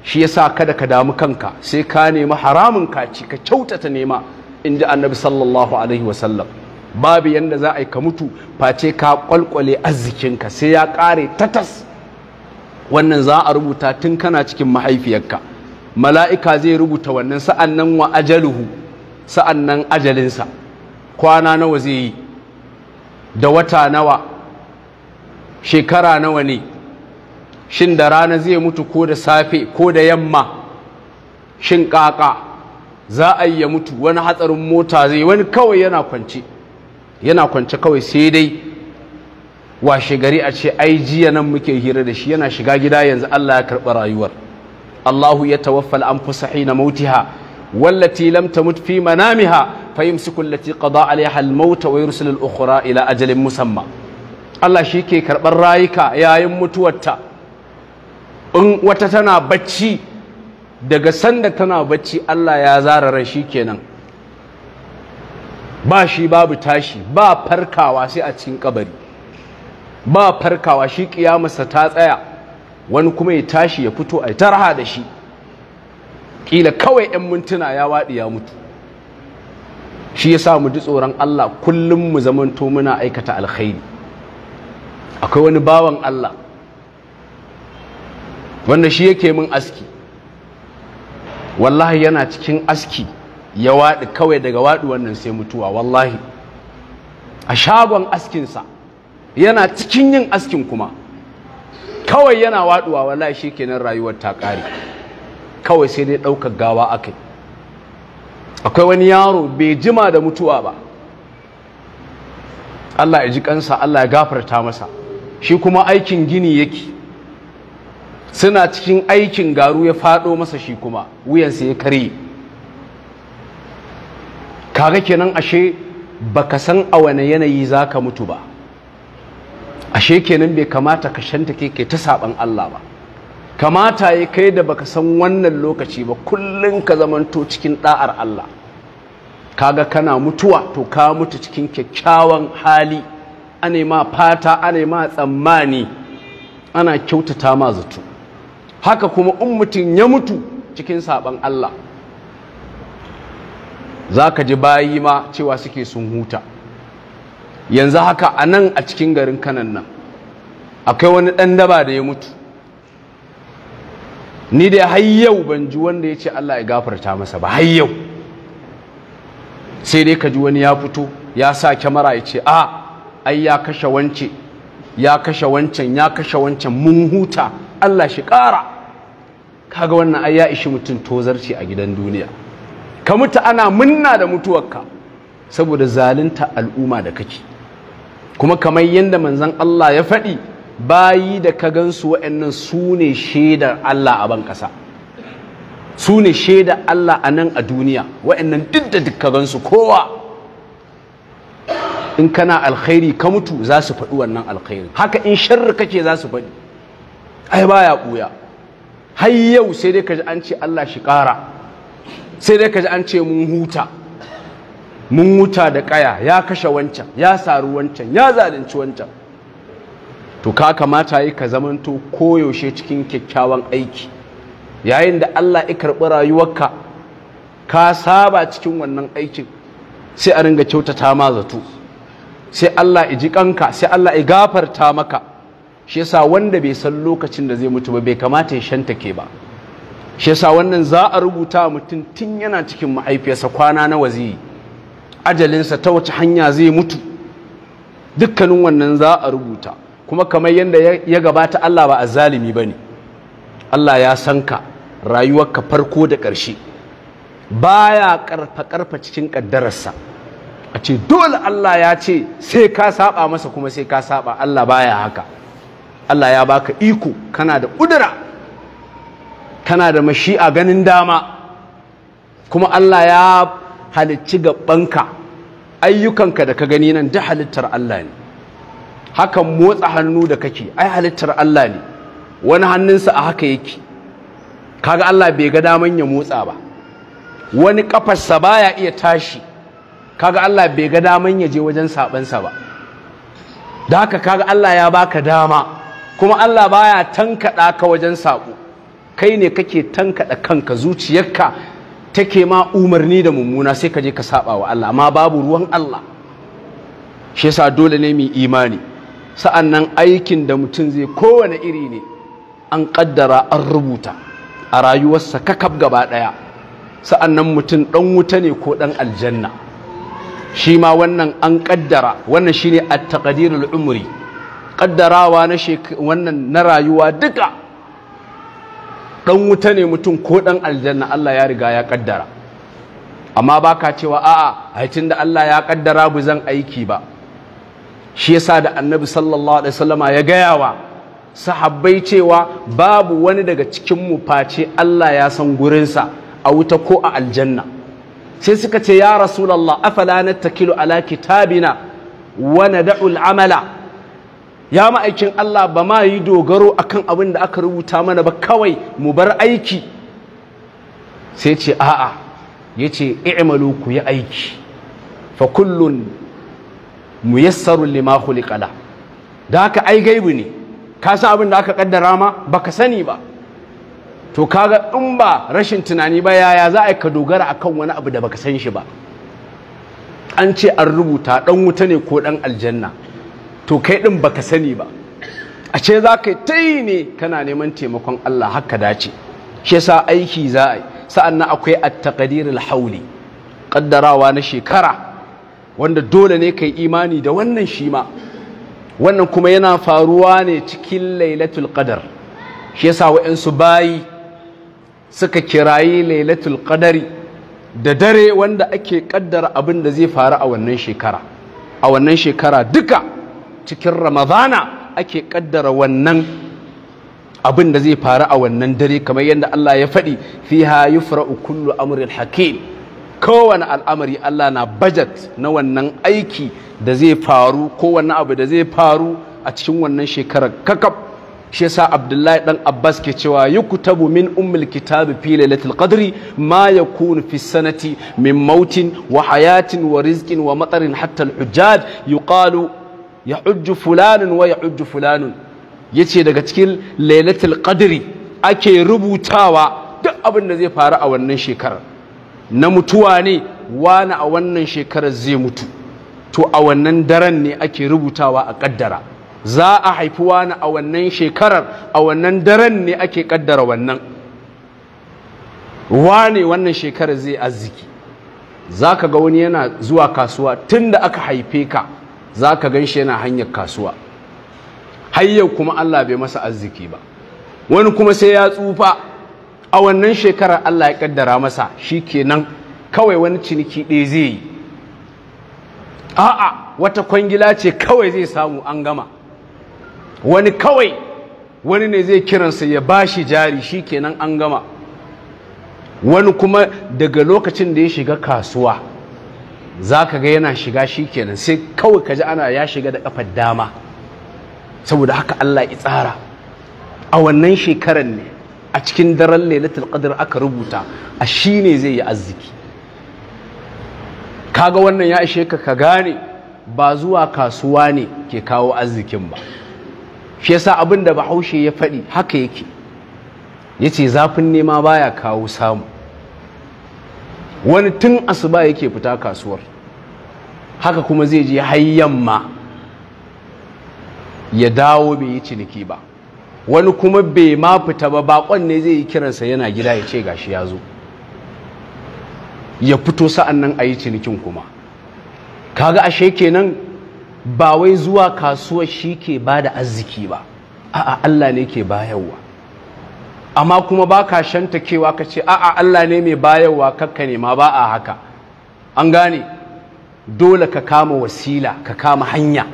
shi ya sa kada ka damu kanka sai ka nemi haramun kaci ka kyautata nema in ji annabi sallallahu alaihi wasallam babu yadda za a yi ka mutu face ka kwalkwale arzikinka sai ya ƙare tatas wannan za a rubuta tun kana cikin mahaifiyarka mala'ika zai rubuta wannan sa'an nan wa ajaluhu sa'an nan ajalinsa kwana nawa zai yi da wata nawa shekara nawa ne shin da rana zai mutu ko da safe ko da yamma shin ƙaƙa za a yi ya mutu wani hatsarin mota zai wani kawai yana kwance yana kwance kawai sai dai washe gari a ce ai jiya nan muke hira da shi yana shiga gida yanzu Allah ya karɓi rayuwar Allahu ya tawaffal an fusahi na mautiha wallati lam tamut fi manamiha fayimsiku allati qada alaiha al-maut wa yursilu al-ukhra ila ajalin musamma Allah shi ke karɓar rayuka yayin mutuwarta in wata tana bacci daga sanda tana bacci Allah ya zara ran shi kenan ba shi babu tashi ba farkawa sai a cikin kabari ba farkawa shi kiyamarsa ta tsaya wani kuma ya tashi ya fito a tarha da shi Ƙila kawai 'yan mintuna ya waɗi ya mutu shi ya sa mu ji tsoron Allah kullum mu zamanto muna aikata alkhairi akwai wani bawan Allah wanda shi yake min aski wallahi yana cikin aski ya waɗi kawai daga waɗi wannan sai mutuwa wallahi a shagon askinsa yana cikin yin askin kuma kawai yana waduwa wallahi shikenan rayuwar ta kare kawai sai dai daukar gawa akai akwai wani yaro bai jima da mutuwa ba Allah ya ji kansa Allah ya gafarta masa shi kuma aikin gini yake suna cikin aikin garu ya fado masa shi kuma wuyansa ya kare kaga kenan ashe baka san a wane yanayi zaka mutu ba ashe kenan bai kamata ka shanta ke ta saban Allah ba kamata ya kai da baka san wannan lokaci ba kullum ka zamanto cikin ɗa'ar Allah kaga kana mutuwa to ka mutu cikin kyakkyawan hali ana ma fata ana ma tsammani ana kyautata ma zato haka kuma in mutum ya mutu cikin saban Allah za ka ji bayi ma cewa suke sun huta yanzu haka a nan a cikin garin kanan nan akwai wani ɗan daba da ya mutu ni da har yau ban ji wanda ya ce Allah ya gafarta masa ba har yau sai dai ka ji wani ya fito ya sa kyamara ya ce a ai ya kashe wance ya kashe wancan ya kashe wancan mun huta Allah shi ƙara kaga wannan ai ya ishi mutum tozarci a gidan duniya ka mutu ana munna da mutuwarka saboda zalunta al'umma da kake kuma kamar yadda manzan Allah ya faɗi bayi da ka gansu waɗannan su ne shaidar Allah a ban ƙasa su ne shaidar Allah a nan a duniya waɗannan duk da duk ka gansu kowa in kana alkhairi ka mutu za su faɗi wannan alkhairi haka in sharri kake za su faɗi ai baya ɓuya har yau sai dai ka ji an ce Allah shi ƙara sai dai ka ji an ce mun huta mun wuta da kaya ya kashe wancan ya saru wancan ya zalunci wancan to ka kamata yi ka zamanto koyaushe cikin kyakkyawan aiki yayin da Allah ya karɓi rayuwarka ka saba cikin wannan aikin sai a ringa kyautata ma zato sai Allah ya ji kanka sai Allah ya gafarta maka shi yasa wanda bai san lokacin da zai mutu ba bai kamata ya shantake ba shi yasa wannan za a rubuta mutum tun yana cikin mahaifiyarsa kwana na waziri. ajalinsa ta wace hanya zai mutu dukkanin wannan za a rubuta kuma kamar yadda ya gabata Allah ba a zalimi ba ne Allah ya san ka rayuwar ka farko da ƙarshe ba ya ƙarfa karfa cikin ƙaddararsa a ce dole Allah ya ce sai ka saba masa kuma sai ka saba Allah baya haka Allah ya baka iko kana da ƙudura kana da mashi a ganin dama kuma Allah ya halicci gabanka ayyukanka da ka gani nan duk halittar Allah ne hakan motsa hannu da kake ai halittar Allah ne wani hannunsa a haka yake kaga Allah bai ga daman ya motsa ba wani kafarsa baya iya tashi kaga Allah bai ga daman ya je wajen sabansa ba da haka kaga Allah ya baka dama kuma Allah baya tankada ka wajen sako kai ne kake tankada kanka zuciyarka take ma umarni da mummuna sai ka je ka saba wa Allah amma babu ruwan Allah shi yasa dole ne mu imani sa'annan aikin da mutum zai kowane iri ne an kaddara an rubuta a rayuwarsa kakab gaba daya sa'annan mutum dan wuta ne ko dan aljanna shi ma wannan an kaddara wannan shine at-taqdirul umri kaddarawa na wannan na rayuwa duka Ɗan wuta ne mutum ko ɗan aljanna Allah ya riga ya ƙaddara. amma baka cewa a'a haicin da Allah ya ƙaddara bu zan aiki ba shi yasa da annabi sallallahu alaihi wasallama ya gaya wa sahabbai cewa babu wani daga cikin mu face Allah ya san gurinsa a wuta ko a aljanna sai suka ce ya rasulullah afala nattakilu ala kitabina wa nad'u al'amala ya ma'aikin Allah ba ma yi dogaro akan abin da aka rubuta mana ba kawai mu bar aiki sai ce a'a yace ce i'malu ku yi aiki fa kullun muyassarun lima khuliqala da haka ai gaibu ne ka san abin da aka kaddara ma baka sani ba to kaga in ba rashin tunani ba yaya za a yi ka dogara akan wani abu da baka san shi ba an ce an rubuta dan wuta ne ko dan aljanna to kai ɗin baka sani ba a ce za ka yi ta yi ne kana neman taimakon Allah haka dace shi yasa aiki za a yi sa'an akwai attaqdirul hauli ƙaddarawa na shekara wanda dole ne yi imani da wannan shi ma wannan kuma yana faruwa ne cikin lailatul ƙadar shi yasa wa'ansu bayi suka kirayi lailatul ƙadari da dare wanda ake ƙaddara abin da zai faru a wannan shekara a wannan shekara duka cikin ramadana ake kaddara wannan abin da zai faru a wannan dare kamar yadda Allah ya faɗi fiha yufra'u kullu amrin hakim kowane al'amari Allah na budget na wannan aiki da zai faru kowane abu da zai faru a cikin wannan shekarar kakab shi yasa Abdullahi dan Abbas ke cewa kutabu min ummul kitabi fi lailatul qadri ma yakunu fi sanati min mautin wa hayatin wa rizqin wa matarin hatta al-hujjaj yuqalu ya hujju fulanin wa ya hujju fulanin ya ce daga cikin lailatul qadri ake rubutawa duk abin da zai faru a wannan shekarar na mutuwa ne wani a wannan shekarar zai mutu to a wannan daren ne ake rubutawa a kaddara za a haifi wani a wannan shekarar a wannan daren ne ake kaddara wannan wane wannan shekarar zai arziki za ka ga wani yana zuwa kasuwa tun da aka haife ka za ka gan shi yana hanyar kasuwa hayyar kuma Allah bai masa arziki ba wani kuma sai ya tsufa a wannan shekarar Allah ya kaddara masa shi kenan kawai wani ciniki ɗaya zai yi a'a wata kwangila ce kawai zai samu an gama wani kawai wani ne zai kiransa ya ba shi jari shi kenan an gama wani kuma daga lokacin da ya shiga kasuwa za ka ga yana shiga shi kenan sai kawai ka ji ana ya shiga da kafar dama saboda haka Allah ya tsara a wannan shekarar ne a cikin daren lailatul qadr aka rubuta a shi ne zai yi arziki kaga wannan ya ishe ka ka gane ba zuwa kasuwa ne ke kawo arzikin ba shi yasa abin da bahaushe ya faɗi haka yake yace zafin nema baya kawo samu wani tun asuba yake fita kasuwar haka kuma zai je har yamma ya dawo bai yi ciniki ba wani kuma bai ma fita ba bakon ne zai yi kiransa yana gida ya ce gashi ya zo ya fito sa'an nan a yi cinikin kuma kaga ashe kenan ba wai zuwa kasuwar shi ke ba da arziki ba a'a Allah ne ke bayarwa amma kuma ba ka shanta kewa ka ce a'a Allah ne mai bayarwa kakka ne ma ba a haka an gane dole ka kama wasila ka kama hanya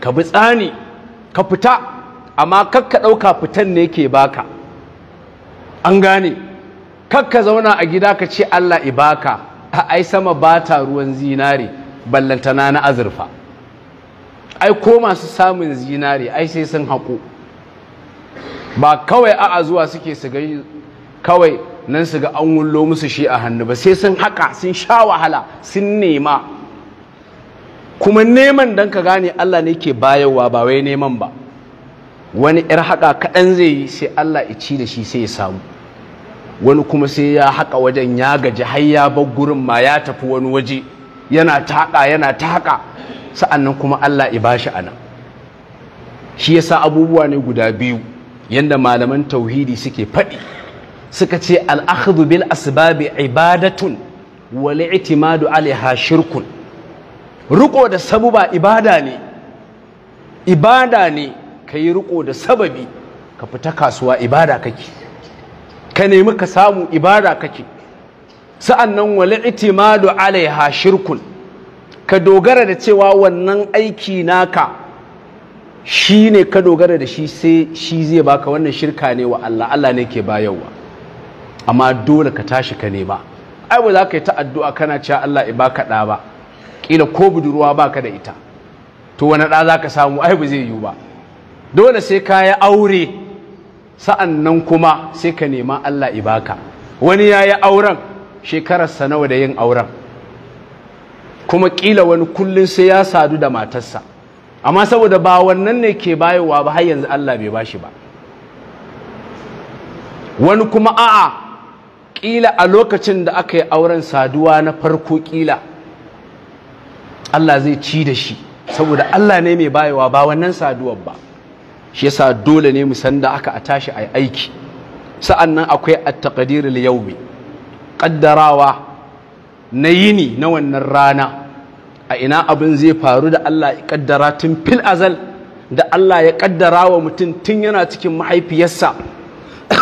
ka bi tsani ka fita amma kakka ɗauka fitan ne ke baka an gane kakka zauna a gida ka ce Allah ibaka a ai sama ba ta ruwan zinare ballantana na azurfa ai ko masu samun zinare ai sai sun haƙo ba kawai a'a zuwa suke su gani kawai nan su ga an wullo musu shi a hannu ba sai sun haƙa sun sha wahala sun nema kuma neman don ka gane Allah ne ke bayarwa ba wai neman ba wani ‘yar haƙa kaɗan zai yi sai Allah ya ci da shi sai ya samu wani kuma sai ya haƙa wajen ya gaji har ya bar gurin ma ya tafi wani waje yana taƙa yana ta taƙa sa'annan kuma Allah ya bashi a nan shi yasa abubuwa ne guda biyu yanda malaman tauhidi suke faɗi suka ce al'akhdu bil asbabi ibadatun wal i'timadu alaiha shirkun riko da sabuba ibada ne ibada ne kai riko da sababi ka fita kasuwa ibada kake ka nemi ka samu ibada kake sa'annan wal i'timadu alaiha shirkun ka dogara da cewa wannan aiki naka shi ne ka dogara da shi sai shi zai baka wannan shirka ne wa Allah Allah ne ke bayarwa amma dole ka tashi ka nema ai ba za ka yi ta'addu'a kana cewa Allah ya baka ɗa ba kila ko budurwa baka da ita to wani ɗa za ka samu ai ba zai yiwu ba dole sai ka yi aure sa'an nan kuma sai ka nema Allah ya baka wani ya yi auren shekararsa nawa da yin auren kuma kila wani kullum sai ya sadu da matarsa amma saboda ba wannan ne ke bayowa ba har yanzu Allah bai ba shi ba wani kuma a'a kila a lokacin da aka yi auren saduwa na farko kila Allah zai ci da shi saboda Allah ne mai bayowa ba wannan saduwar ba shi yasa dole ne mu san da aka a tashi a aiki sa'annan akwai at-taqdirul yawmi qaddarawa na yini na wannan rana a ina abin zai faru da Allah ya kaddara tun fil azal da Allah ya kaddara wa mutum tun yana cikin mahaifiyarsa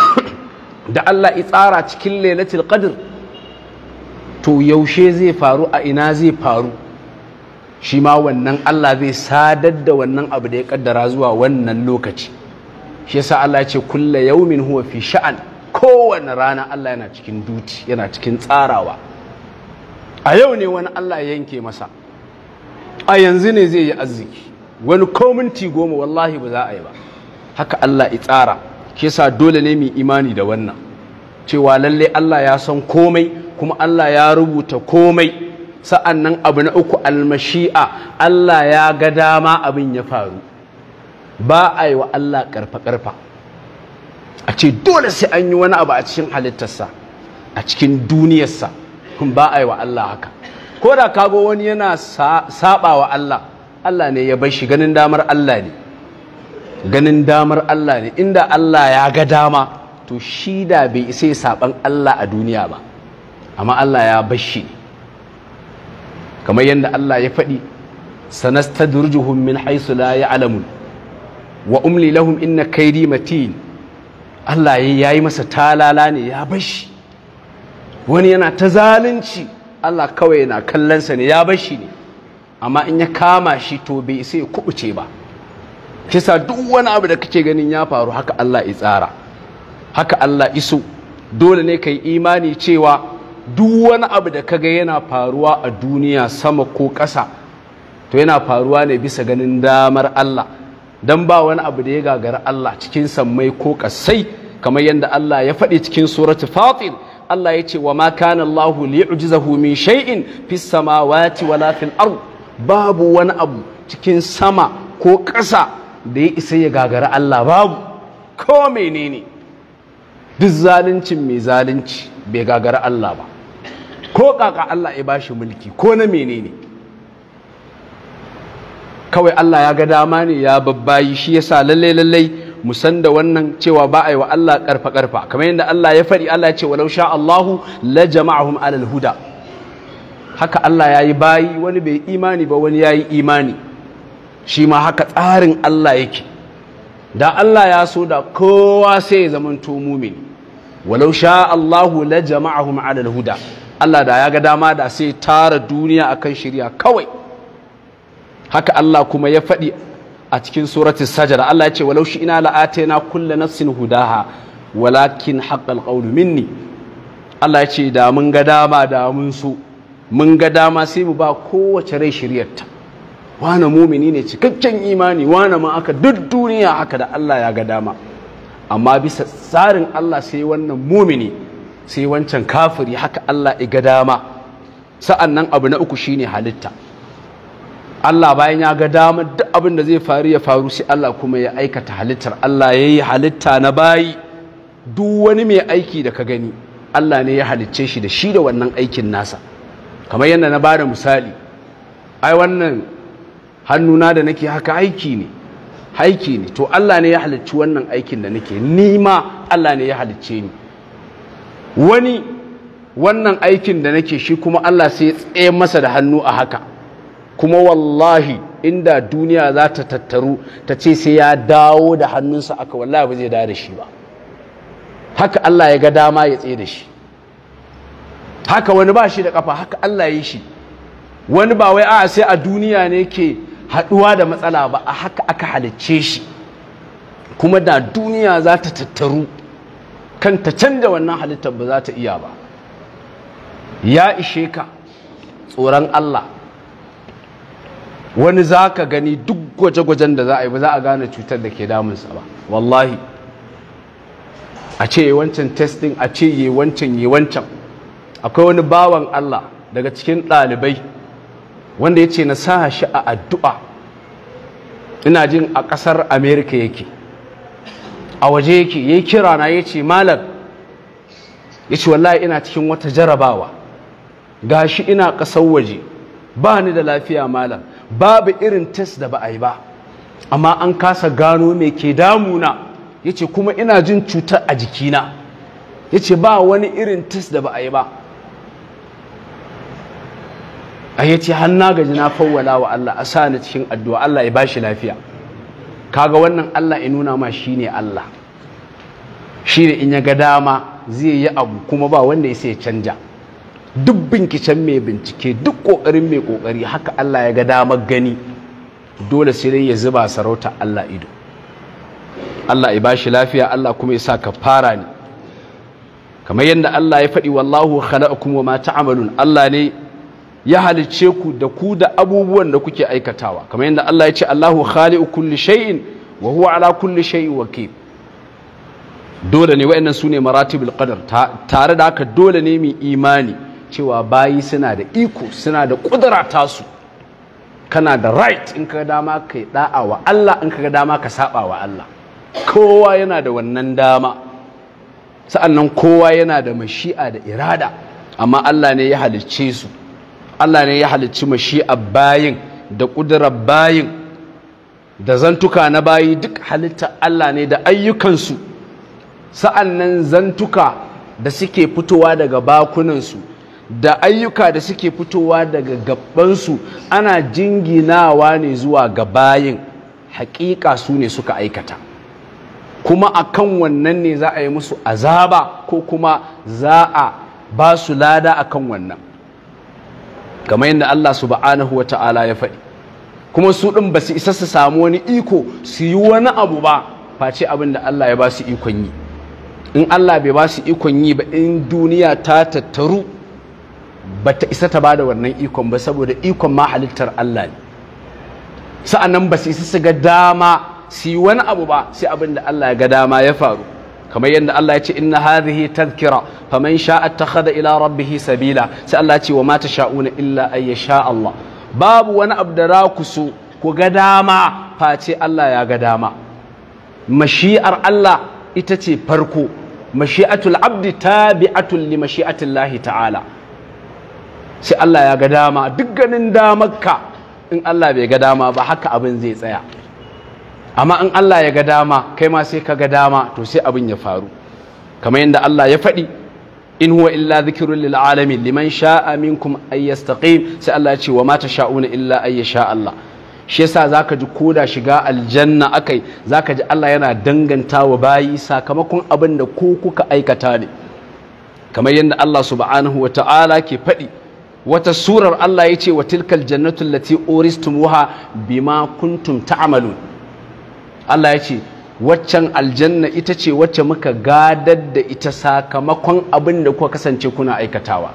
da Allah ya tsara cikin lailatul qadr to yaushe zai faru a ina zai faru shi ma wannan Allah zai sadar da wannan abu da ya kaddara zuwa wannan lokaci shi yasa Allah ya ce kullu yaumin huwa fi sha'an kowane rana Allah yana cikin duti yana cikin tsarawa a yau ne wani Allah ya yanke masa a yanzu ne zai yi arziki wani kominti goma wallahi ba za a yi ba haka Allah ya tsara ke sa dole ne mai imani da wannan cewa lalle Allah ya san komai kuma Allah ya rubuta komai sa'annan abu na uku almashi'a Allah ya ga dama abin ya faru ba a yi wa Allah karfa-karfa a ce dole sai an yi wani abu a cikin halittarsa a cikin duniyarsa kuma ba a yi wa Allah haka ko da kago wani yana saba wa Allah Allah ne ya bar shi ganin damar Allah ne ganin damar Allah ne inda Allah ya ga dama to shi da bai isa saban Allah a duniya ba amma Allah ya bar shi kamar yadda Allah ya faɗi sanastadrujuhum min haisu la ya'lamun wa umli lahum inna kaydi matin Allah ya yi masa talala ne ya bar shi wani yana ta zalunci Allah kawai na kallonsa ne ya bashi ne amma in ya kama shi to bai sai kubuce ba kisa duk wani abu da kake ganin ya faru haka Allah ya tsara haka Allah iso dole ne ka imani cewa duk wani abu da kaga yana faruwa a duniya sama ko ƙasa to yana faruwa ne bisa ganin damar Allah dan ba wani abu da ya gagara Allah cikin sammai ko kasai kamar yadda Allah ya faɗi cikin suratu Fatir Allah ya ce wa ma kana Allahu yu'jizahu min shay'in fis samawati wala fil ard babu wani abu cikin sama ko ƙasa da ya isa ya gagara Allah babu ko menene duk zaluncin mai zalunci bai gagara Allah ba ko kaka Allah ya bashi mulki ko na menene kawai Allah ya ga dama ne ya babbayi shi yasa lalle lalle mu san da wannan cewa ba a yi wa Allah karfa karfa kamar yadda Allah ya faɗi Allah ya ce walau sha Allahu la jama'ahum alal huda haka Allah ya yi bayi wani bai imani ba wani ya yi imani shi ma haka tsarin Allah yake da Allah ya so da kowa sai ya zamanto mumini walau sha Allahu la jama'ahum alal huda Allah da ya ga dama da sai tara duniya akan shirya kawai haka Allah kuma ya faɗi a cikin surati sajada Allah ya ce walau shi ina la'ataina kulle nafsin hudaha walakin haqqal qawlu minni Allah ya ce da mun ga dama da mun su, mun ga dama sai mu ba kowace rai shiryarta wane mumini ne cikakken imani wane ma aka duk duniya haka da Allah ya ga dama amma bisa tsarin Allah sai wannan mumini sai wancan kafiri haka Allah ya ga dama sa'annan abu na uku shine halitta Allah bayan ya ga damar duk abin da zai faru ya faru shi Allah kuma ya aikata halittar Allah ya yi halitta na bayi duk wani mai aiki da ka gani Allah ne ya halicce shi da shi da wannan aikin nasa kamar yadda na bada misali ai wannan hannuna da nake haka aiki ne haiki ne to Allah ne ya halicci wannan aikin da nake ni ma Allah ne ya halicce ni wani wannan aikin da nake shi kuma Allah sai ya tsaye masa da hannu a haka kuma wallahi inda duniya za ta tattaru ta ce sai ya dawo da hannunsa aka wallahi ba zai dawo da shi ba haka Allah ya ga dama ya tsaye da shi haka wani ba shi da kafa haka Allah ya shi wani ba wai a sai a duniya ne ke haɗuwa da matsala ba a haka aka halicce shi kuma da duniya za ta tattaru kan ta canza wannan halittar ba za ta iya ba ya ishe ka tsoron Allah wani za ka gani duk gwaje-gwajen da za a yi ba za a gane cutar da ke damunsa ba wallahi a ce yi wancan testing a ce yi wancan yi wancan akwai wani bawan Allah daga cikin ɗalibai wanda ya ce na sa shi a addu'a ina jin a ƙasar amerika yake a waje yake ya kira na ya ce malar ya ce wallahi ina cikin wata jarabawa Ga shi ina ƙasar waje ba ni da lafiya malar babu irin test da ba a yi ba amma an kasa gano mai ke damuna ya ce kuma ina jin cutar a jikina ya ce ba wani irin test da ba a yi ba a ya ce hannu gaji na fawwala wa Allah a sa ni cikin addu'a Allah ya bashi lafiya kaga wannan Allah ya nuna ma shi ne Allah shi ne in ya ga dama zai yi abu kuma ba wanda ya sai canja duk binkicen mai bincike duk ƙoƙarin mai ƙoƙari haka Allah ya ga damar gani dole sai dai ya zuba sarauta Allah ido Allah ya bashi lafiya Allah kuma ya sa ka fara ni kamar yadda Allah ya faɗi wallahu khalaqakum wa ma ta'malun Allah ne ya halice ku da ku da abubuwan da kuke aikatawa kamar yadda Allah ya ce Allahu khaliqu kulli shay'in wa huwa ala kulli shay'in wakil dole ne wayannan sune maratibul qadar tare da haka dole ne mu imani cewa bayi suna da iko suna da ƙudura tasu kana da right in ka dama ka yi da'a wa Allah in ka dama ka saba wa Allah kowa yana da wannan dama sa'annan kowa yana da mashi'a da irada amma Allah ne ya halicce su Allah ne ya halicci mashi'a bayin da ƙudurar bayin da zantuka na bayi duk halitta Allah ne da ayyukansu sa'annan zantuka da suke fitowa daga bakunansu da ayyuka da suke fitowa daga gabansu ana jinginawa ne zuwa ga bayin hakika su ne suka aikata kuma kan wannan ne za a yi musu azaba ko kuma za a ba su lada akan wannan kamar yadda Allah subhanahu wa ta'ala ya faɗi kuma su ɗin ba su isa su samu wani iko su yi wani abu ba face abin da Allah ya ba su ikon yi in Allah bai ba su ikon yi ba in duniya ta tattaru ba ta isa ta bada wannan ikon ba saboda ikon ma halittar Allah ne sa'annan ba su isa su ga dama su yi wani abu ba sai abin da Allah ya ga dama ya faru kamar yadda Allah ya ce inna hadhihi tadhkira faman sha'a takhadha ila rabbihi sabila sai Allah ya ce wa ma tasha'una illa ay yasha Allah babu wani abu da za ku so ku ga dama face Allah ya ga dama mashi'ar Allah ita ce farko mashi'atul abdi tabi'atul li mashi'atillahi ta'ala sai Allah ya ga dama duk ganin damarka in Allah bai ga dama ba haka abin zai tsaya amma in Allah ya ga dama kai ma sai ka ga dama to sai abin ya faru kamar yadda Allah ya faɗi in huwa illa zikirun lil alamin liman sha'a minkum ay yastaqim sai Allah ya ce wa ma tasha'una illa ay sha Allah shi yasa zaka ji koda shiga aljanna akai zaka ji Allah yana danganta wa bayi sakamakon abin da ko kuka aikata ne kamar yadda Allah subhanahu wa ta'ala ke faɗi wata surar Allah ya ce wa tilkal jannatul lati uristumuha bima kuntum amalu Allah ya ce waccan aljanna ita ce wacce muka gadar da ita sakamakon abin da kuka kasance kuna aikatawa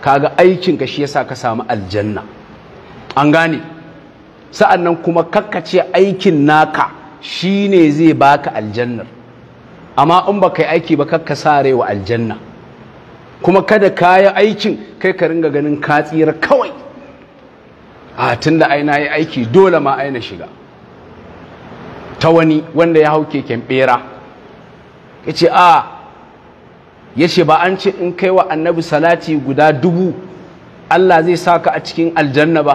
kaga aikin ka shi yasa ka samu aljanna an gane sa'annan kuma kakkace aikin naka shine zai baka aljannar amma in baka yi aiki ba kakka sare wa aljanna kuma kada ka yi aikin kai ka ringa ganin ka tsira kawai a tun da aina yi aiki dole ma aina shiga ta wani wanda ya hau keken bera ya ce a ya ce ba an ce in kai wa annabi salati guda dubu allah zai sa ka a cikin aljanna ba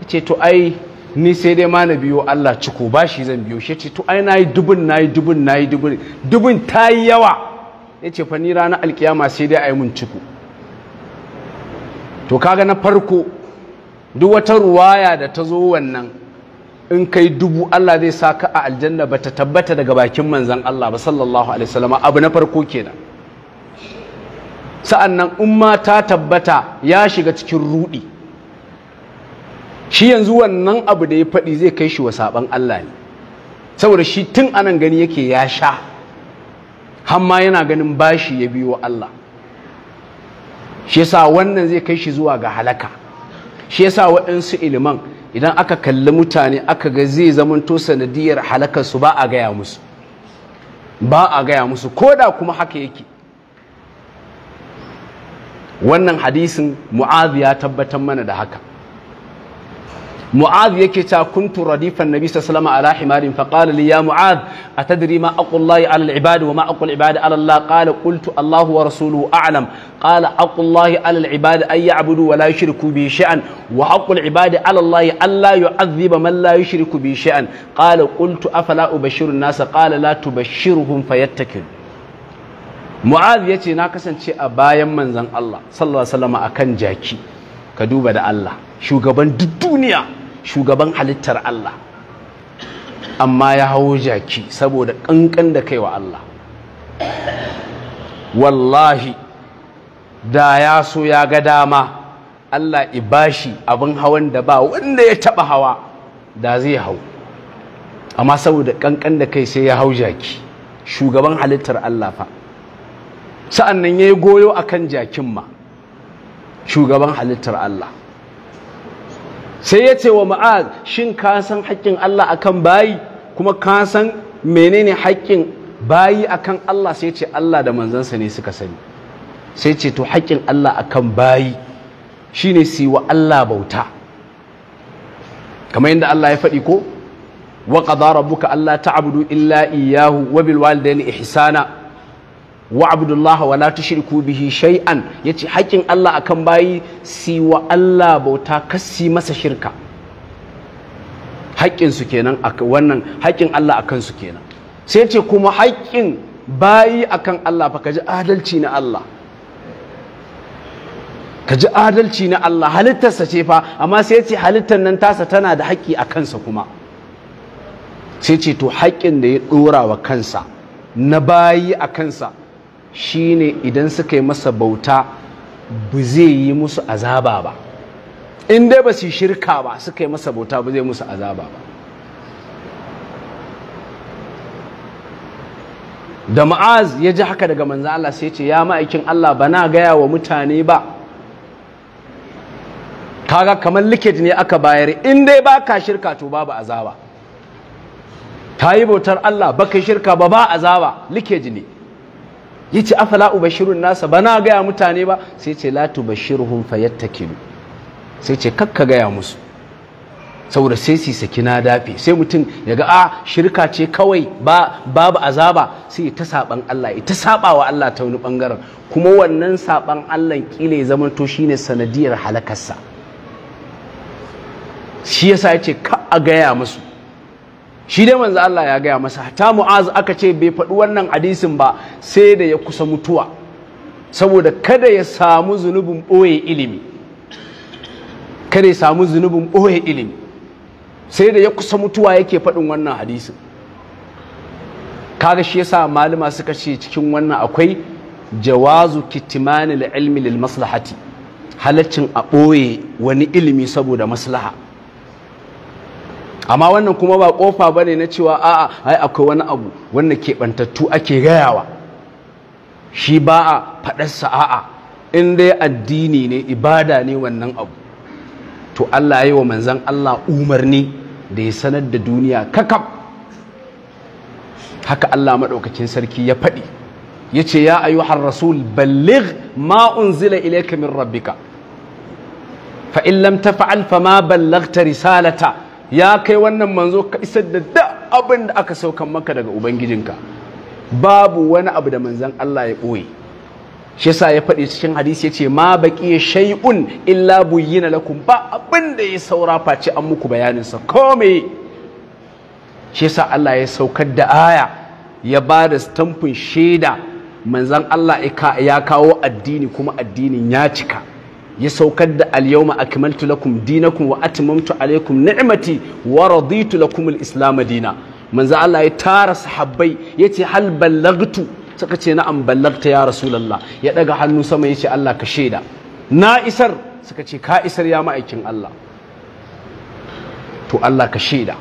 ya ce to ai ni sai dai ma na biyo allah ciko ba shi zan biyo shi ce to ai na yi dubun na yi dubun na yi dubun dubun ta yi yawa ya ce fani ranar alkiyama sai dai a yi mun cuku. to kaga na farko duk wata ruwaya da ta zo wannan in kai dubu Allah zai sa ka a aljanna ba ta tabbata daga bakin manzan Allah ba sallallahu alaihi wasallam abu na farko kenan sa'annan in umma ta tabbata ya shiga cikin rudi shi yanzu wannan abu da ya faɗi zai kai shi wa saban Allah ne saboda shi tun anan gani yake ya sha hamma yana ganin bashi ya biyo Allah shi yasa wannan zai kai shi zuwa ga halaka shi yasa waɗansu iliman idan aka kalli mutane aka ga zai zamanto sanadiyar su ba a gaya musu ba a gaya musu koda kuma haka yake wannan hadisin mu'adh ya tabbatar mana da haka mu'adh yake ta kuntu radifan nabi sallallahu alaihi ala himarin fa qala li ya mu'adh atadri ma aqullahi ala al-ibad wa ma aqul ibad ala Allah qala qultu Allah wa rasuluhu a'lam qala aqullahi ala al-ibad ay ya'budu wa la yushriku bi shay'an wa aqul ibad ala Allah alla yu'adhiba man la yushriku bi shay'an qala qultu afala ubashiru an-nas qala la tubashshiruhum fayattakin mu'az ya ce na kasance a bayan manzan Allah sallallahu alaihi wasallam akan jaki ka duba da Allah shugaban duk duniya shugaban halittar Allah amma ya hau jaki saboda ƙanƙan da kai wa Allah wallahi da ya so ya ga dama Allah ibashi abin hawan da ba wanda ya taɓa hawa da zai hau amma saboda ƙanƙan da kai sai ya hau jaki shugaban halittar Allah fa sa'annan yayi ya yi goyo a kan jakin ma shugaban halittar Allah sai ya ce wa ma'az shin ka san haƙƙin Allah akan bayi kuma ka san menene haƙƙin bayi akan Allah sai ce Allah da manzansa ne suka sani sai ce to haƙƙin Allah akan bayi shine su wa Allah bauta kamar yadda Allah ya faɗi ko wa qadara allah ta ta'budu illa iyyahu wa bil walidayni ihsana wa abdullahi wa la tushriku bihi shay'an yace haƙƙin Allah akan bayi si wa Allah bauta kasi masa shirka haƙƙin su kenan wannan haƙin Allah akan su kenan sai yace kuma haƙƙin bayi akan Allah fa kaji adalci na Allah kaji adalci na Allah halittarsa ce fa amma sai yace halittar nan tasa tana da haƙƙi a kansa kuma sai yace to haƙƙin da ya ɗora wa kansa na bayi a kansa shine idan suka yi masa bauta ba zai yi musu azaba ba in dai ba su shirka ba suka yi masa bauta ba zai musu azaba ba da ma'az ya ji haka daga manzan Allah sai ce ya ma'aikin Allah ba na gaya wa mutane ba kaga kamar likit ne aka bayar in dai ba ka shirka to babu azaba ta yi bautar Allah ba ka shirka ba ba azaba likit ne ya ce afala ubashirun nasa ba na gaya mutane ba sai ce la tubashirhum fayattakilu sai ce kakka gaya musu saboda sai su saki na dafe sai mutum ya ga a shirka ce kawai ba babu azaba sai ta saban Allah ita saba wa Allah ta wani bangaren kuma wannan saban Allah ƙila ya zama to shine sanadiyar halakarsa shi yasa yace ka a gaya musu shi dai manzo Allah ya gaya masa ta mu'az aka ce bai faɗi wannan hadisin ba sai da ya kusa mutuwa saboda kada ya samu zunubin ɓoye ilimi kada ya samu zunubin ɓoye ilimi sai da ya kusa mutuwa yake faɗin wannan hadisin kaga shi yasa malama suka ce cikin wannan akwai jawazu kitmanil ilmi lil maslahati halaccin a ɓoye wani ilimi saboda maslaha amma wannan kuma ba kofa bane na cewa a'a ai akwai wani abu wanda keɓantattu ake gayawa shi ba a faɗarsa a'a in dai addini ne ibada ne wannan abu to Allah ya yi wa manzan Allah umarni da ya sanar da duniya kakab haka Allah maɗaukacin sarki ya faɗi ya ce ya ayyuhar rasul balligh ma unzila ilayka min rabbika fa in lam taf'al fa ma ballaghta risalata ya kai wannan manzo ka isar da duk abin da aka saukan maka daga ubangijinka babu wani abu da manzon Allah ya ɓoye shi yasa ya faɗi cikin hadisi ya yace ma ya shay'un illa buyyina lakum ba abin da ya saura face an muku bayanin sa komai shi yasa Allah ya saukar da aya ya ba da stamfin shaida manzon Allah ya kawo addini kuma addinin ya cika ya saukar da al-yawma akmaltu lakum dinakum wa atmamtu alaykum ni'mati wa raditu lakum al-islam dina manzo Allah ya tara sahabbai yace hal ballagtu suka ce na'am ballagta ya rasulullah ya daga hannu sama yace Allah ka sheda na isar suka ce ka isar ya ma'aikin Allah to Allah ka sheda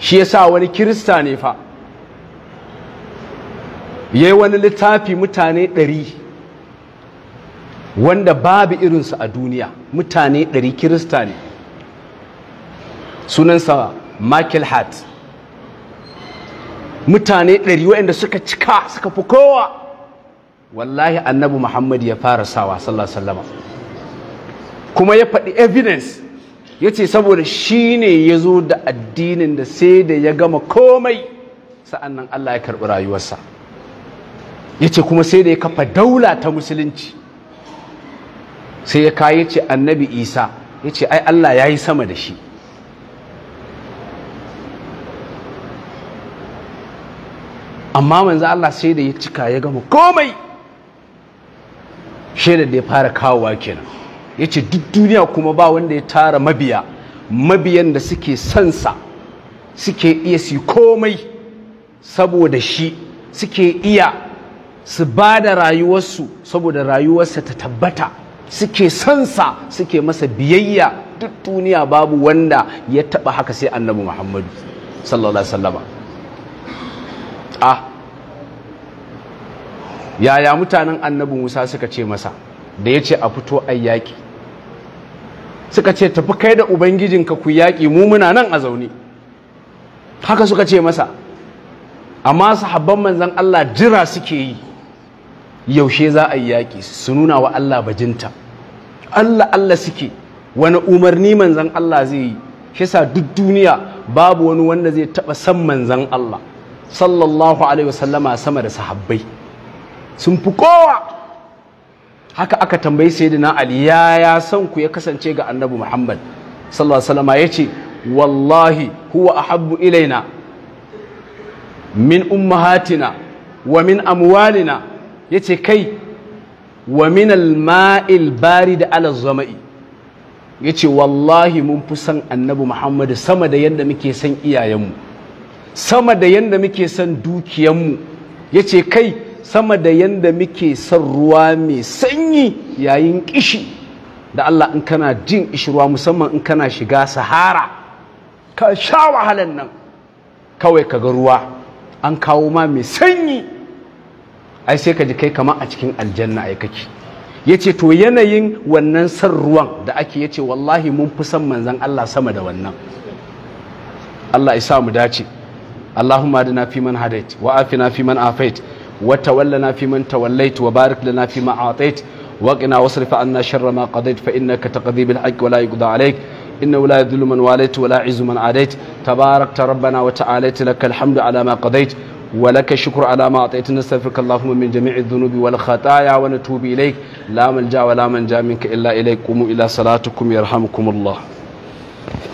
shi yasa wani kirista ne fa yayi wani littafi mutane ɗari wanda babu irinsu a duniya mutane ɗari kirista ne sunansa michael hart mutane ɗari waɗanda suka cika suka fi kowa wallahi annabi muhammad ya fara sawa sallallahu kuma ya faɗi evidence ya ce saboda shi ne ya zo da addinin da sai da ya gama komai sa'annan allah ya karɓi rayuwarsa ya ce kuma sai da ya kafa daula ta musulunci sai ya kayi ce annabi isa ya ce ai allah ya yi sama da shi amma manzo allah sai da ya cika ya gama komai shaidar da ya fara kawowa kenan ya ce duk duniya kuma ba wanda ya tara mabiya mabiyan da suke sansa suke iya su komai saboda shi suke iya su ba da rayuwarsu saboda rayuwarsa ta tabbata suke sansa suke masa biyayya duk duniya babu wanda ya taba haka sai annabi muhammadu sallallahu alaihi a ah, yaya mutanen annabi musa suka ce masa da ya ce a fito a yaƙi suka ce tafi kai da ubangijinka ku yaƙi mu muna nan a zaune haka suka ce masa amma sahabban manzan allah jira suke yi yaushe za a yi yaƙi su nuna wa Allah bajinta Allah Allah suke wani umarni manzan Allah zai yi shi sa duk duniya babu wani wanda zai taɓa san manzan Allah sallallahu alaihi wasallama sama da sahabbai sun fi kowa haka aka tambayi sayyidina Ali ya ya san ku ya kasance ga annabi Muhammad sallallahu alaihi wasallama yace wallahi huwa ahabbu ilaina min ummahatina wa min amwalina ya ce kai wa min al ma'il bari da ala zama'i ya ce wallahi mun fi san annabi muhammadu sama da yadda muke son iyayenmu sama da yadda muke son dukiyanmu ya ce kai sama da yadda muke san ruwa mai sanyi yayin kishi da allah in kana jin ishirwa musamman in kana shiga sahara ka sha wahalan nan kawai ka ga ruwa an kawo ma mai sanyi ai sai ka ji kai kama a cikin aljanna ai kake ya ce to yanayin wannan san ruwan da ake ya ce wallahi mun fi san manzan Allah sama da wannan Allah isa mu dace Allahumma adina fi man hadait wa afina fi man afait wa tawallana fi man tawallait wa barik lana fi ma atait wa qina wasrif anna sharra ma qadait fa innaka taqdi bil haqq wa la yuqda alayk إنه لا يذل من واليت ولا يعز من عاديت تباركت ربنا وتعاليت لك الحمد على ما قضيت ولك الشكر على ما أعطيتنا نستغفرك اللهم من جميع الذنوب والخطايا ونتوب إليك لا من جاء ولا من جاء منك إلا إليك قوموا إلى صلاتكم يرحمكم الله